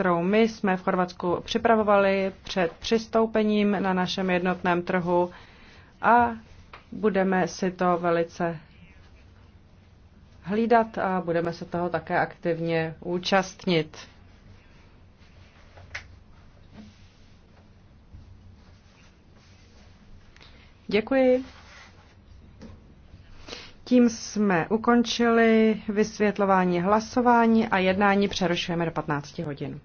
kterou my jsme v Chorvatsku připravovali před přistoupením na našem jednotném trhu a budeme si to velice hlídat a budeme se toho také aktivně účastnit. Děkuji. Tím jsme ukončili vysvětlování hlasování a jednání přerušujeme do 15 hodin.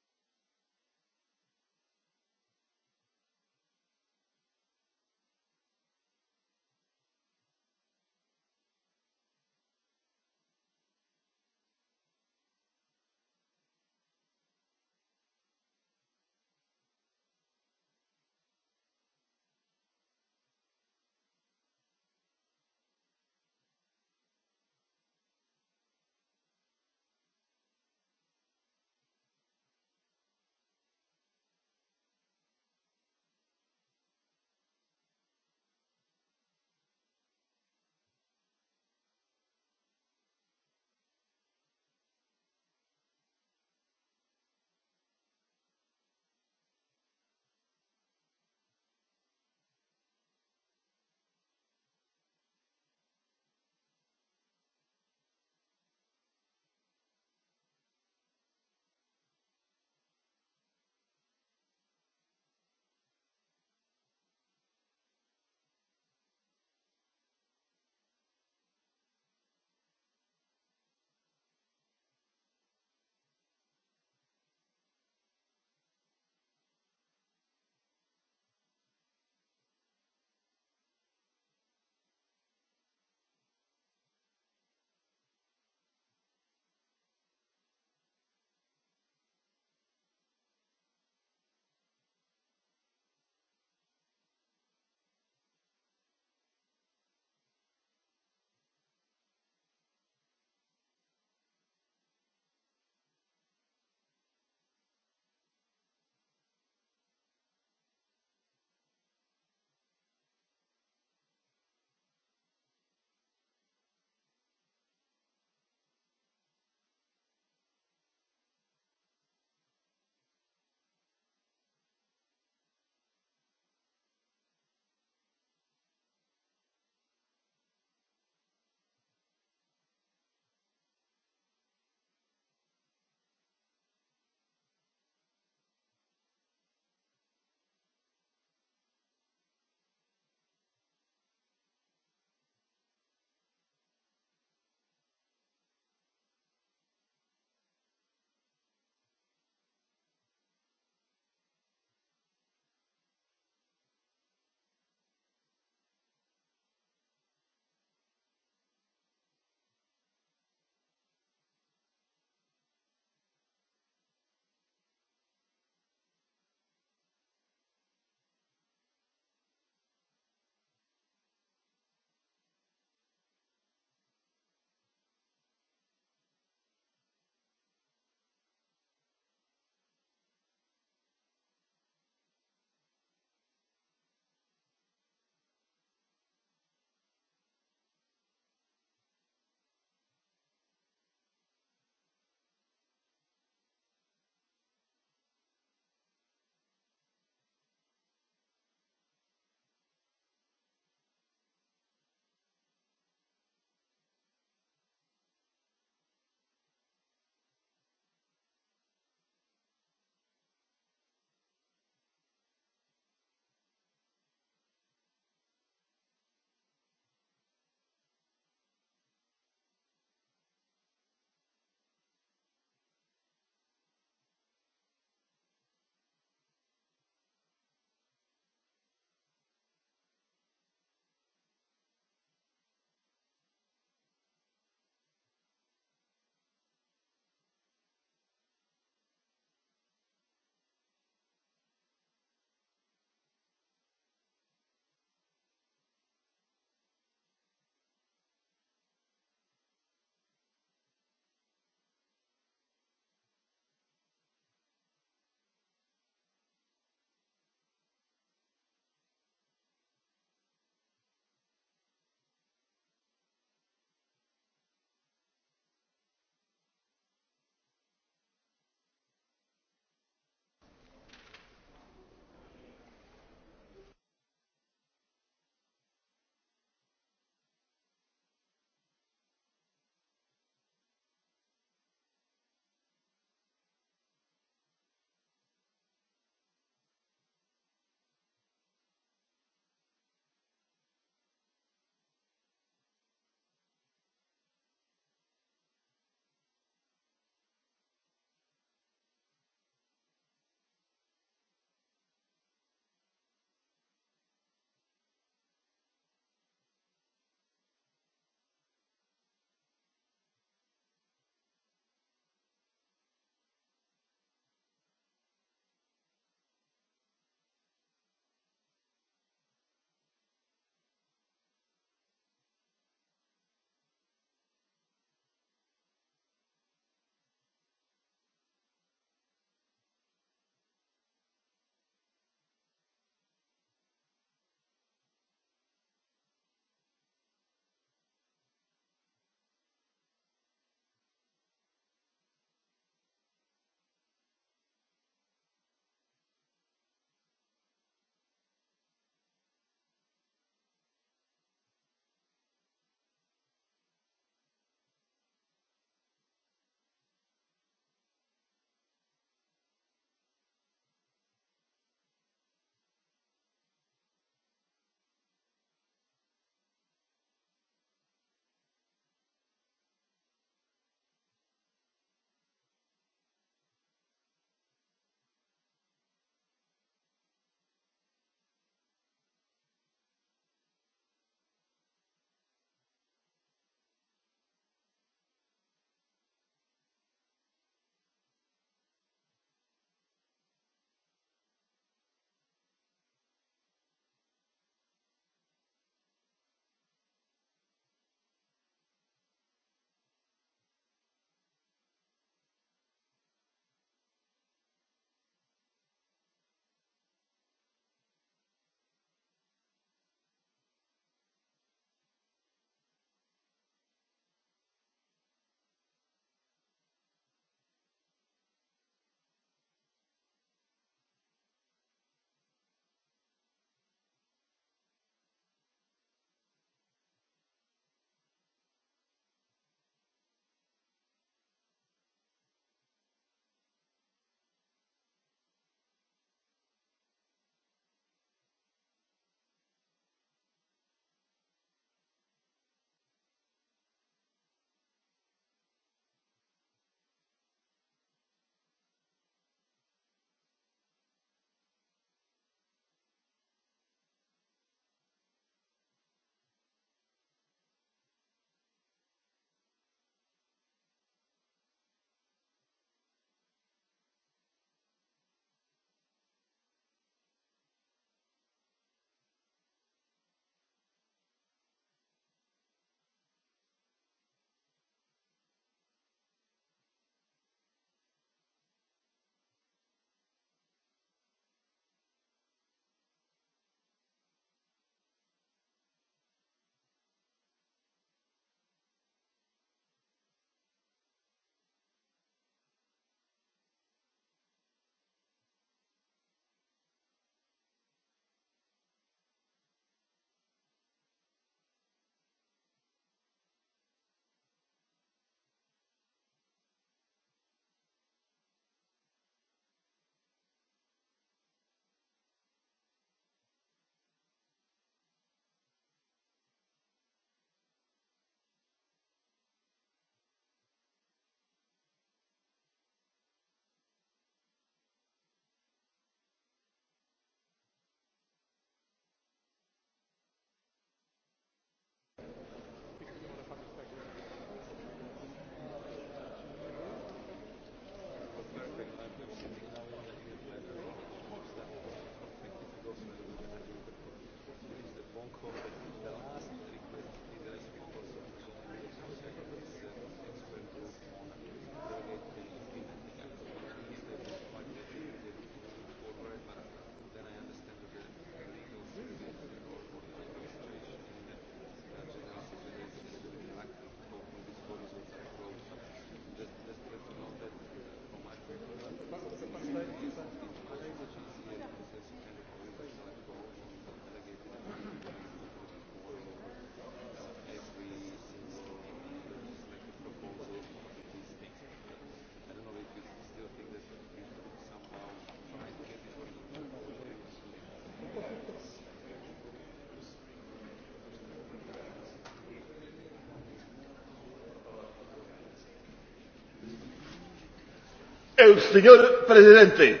El señor presidente.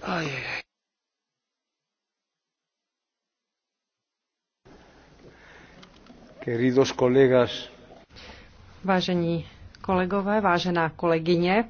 Ay, ay, ay. Queridos colegas. Vážení kolegové, vážená kolegyně,